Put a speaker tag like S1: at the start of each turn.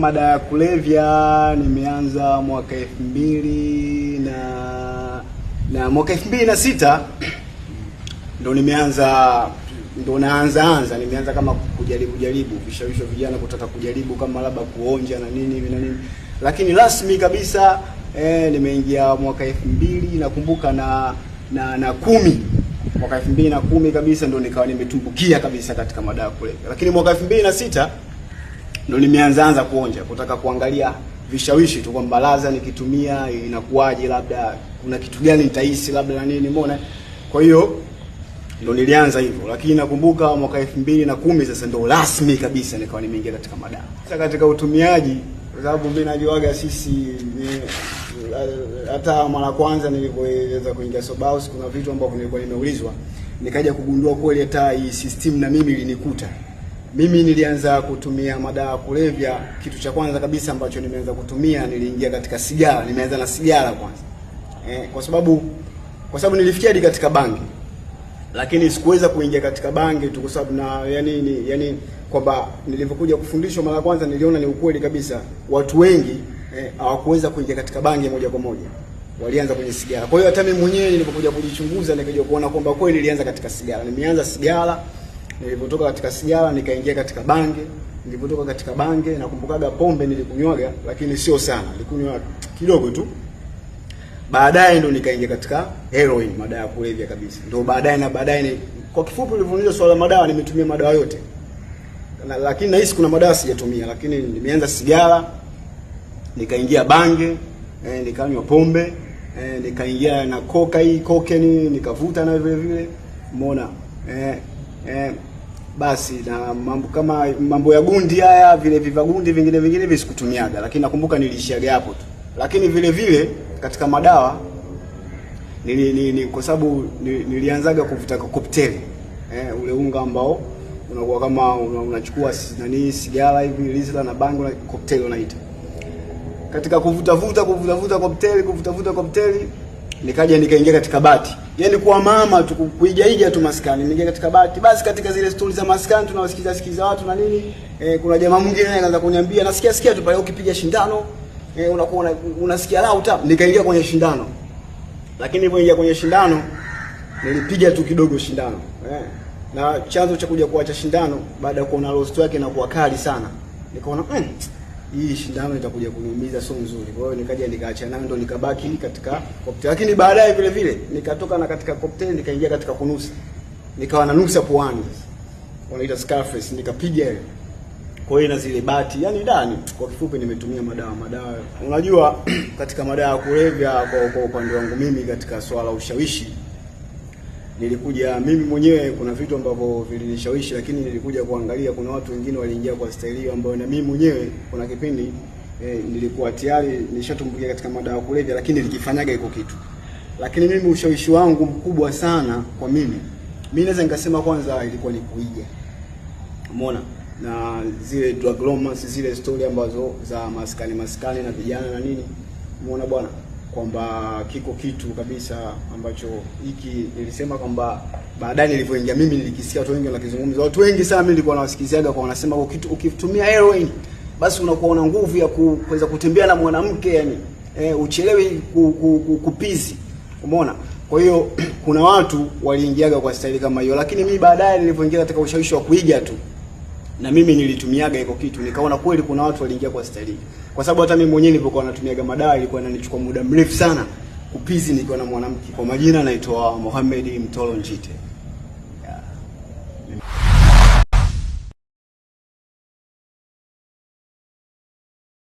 S1: Mada ya kulevya nimeanza mwaka elfu mbili na na mwaka elfu mbili na sita ndo nimeanza ndo naanza anza, nimeanza kama kujaribu jaribu vishawisho vijana kutaka kujaribu kama labda kuonja na nini na nini, lakini rasmi kabisa eh, nimeingia mwaka elfu mbili nakumbuka na na na kumi mwaka elfu mbili na kumi kabisa ndo nikawa nimetumbukia kabisa katika madawa ya kulevya, lakini mwaka elfu mbili na sita ndo nimeanzaanza kuonja kutaka kuangalia vishawishi tu kwamba baraza nikitumia inakuwaje, labda kuna kitu gani nitahisi labda na nini, umeona. Kwa hiyo ndo nilianza hivyo, lakini nakumbuka mwaka elfu mbili na kumi sasa ndo rasmi kabisa nikawa nimeingia katika madawa. Sasa katika utumiaji, kwa sababu mimi najuaga sisi ni, hata mara kwanza nilipoweza kuingia Sobaus kuna vitu ambavyo nilikuwa nimeulizwa, nikaja kugundua kweli hata hii system na mimi ilinikuta. Mimi nilianza kutumia madawa kulevya, kitu cha kwanza kabisa ambacho nimeanza kutumia, niliingia katika sigara. Nimeanza na sigara kwanza eh, kwa sababu kwa sababu nilifikia hadi katika bangi, lakini sikuweza kuingia katika bangi tu kwa sababu na yani ni yani kwamba nilivyokuja kufundishwa mara kwanza, niliona ni ukweli kabisa, watu wengi eh, hawakuweza eh, kuingia katika bangi moja kwa moja, walianza kwenye sigara. Kwa hiyo hata mimi mwenyewe nilipokuja kujichunguza, nikaja kuona kwamba kweli nilianza katika sigara, nimeanza sigara Nilipotoka katika sigara nikaingia katika bange. Nilipotoka katika bange, nakumbukaga pombe nilikunywaga, lakini sio sana, nilikunywa kidogo tu. Baadaye ndo nikaingia katika heroin, madawa ya kulevya kabisa, ndo baadaye na baadaye ni kwa kifupi, ulivyoniuliza swala madawa, nimetumia madawa yote na, lakini nahisi kuna madawa sijatumia, lakini nimeanza sigara, nikaingia bange, eh, nikanywa pombe eh, nikaingia na koka hii kokeni, nikavuta na vile vile, umeona eh, eh, basi na mambo kama mambo ya gundi haya vile viva gundi vingine vingine visikutumiaga, lakini nakumbuka nilishiaga hapo tu. Lakini vile vile katika madawa ni, ni kwa sababu nilianzaga kuvuta kokteli eh, ule unga ambao unakuwa kama unachukua una nani sigara hivi lisla na bango na kokteli unaita. Katika kuvuta vuta kuvuta vuta kokteli kuvuta vuta kokteli, nikaja nikaingia katika bati yani kuwa mama tu kuigaiga tu maskani, nimeingia katika bahati. Basi katika zile stori za maskani tunawasikiza sikiza watu na nini e, kuna jamaa mwingine akaanza kuniambia nasikia sikia tu pale oh, ukipiga shindano e, unakuwa una, unasikia lauta. Nikaingia kwenye shindano, lakini nilipoingia kwenye shindano nilipiga tu kidogo shindano e. Na chanzo cha kuja kuacha shindano baada ya kuona roast yake na kuwa kali sana, nikaona mm, hii shindano itakuja kuniumiza, sio nzuri. Kwa hiyo nikaja nikaacha nayo, ndo nikabaki katika kopte, lakini baadaye vile vile nikatoka na katika kopte, nikaingia katika kunusa, nikawa nanusa puani, wanaita scarface, nikapiga ile kwa hiyo na zile bati, yani ndani. Kwa kifupi, nimetumia madawa madawa. Unajua, katika madawa ya kulevya, kwa upande wangu mimi, katika swala ushawishi nilikuja mimi mwenyewe, kuna vitu ambavyo vilinishawishi, lakini nilikuja kuangalia kuna watu wengine waliingia kwa staili hiyo ambayo na mimi mwenyewe kuna kipindi eh, nilikuwa tayari nishatumbukia katika madawa ya kulevya, lakini nilikifanyaga iko kitu. Lakini mimi ushawishi wangu mkubwa sana kwa mimi, mimi naweza nikasema kwanza ilikuwa ni kuiga, umeona na zile drug romance, zile story ambazo za maskani maskani na vijana na nini, umeona bwana kwamba kiko kitu kabisa ambacho hiki nilisema kwamba baadaye nilivyoingia mimi nilikisikia watu wengi wanakizungumza. Watu wengi sana mimi nilikuwa nawasikiziaga kwa wanasema kwa kitu ukitumia heroin basi unakuwa una nguvu ya kuweza kutembea na mwanamke yani, e, uchelewi ku, ku, ku, kupizi. Umeona? Kwa hiyo kuna watu waliingiaga kwa staili kama hiyo, lakini mimi baadaye nilivyoingia katika ushawishi wa kuiga tu na mimi nilitumiaga hiko kitu, nikaona kweli kuna watu waliingia kwa staili, kwa sababu hata mimi mwenyewe nilipokuwa natumiaga madawa ilikuwa inanichukua muda mrefu sana kupizi nikiwa na mwanamke. Kwa majina naitwa Mohamed Mtolo Njite, yeah.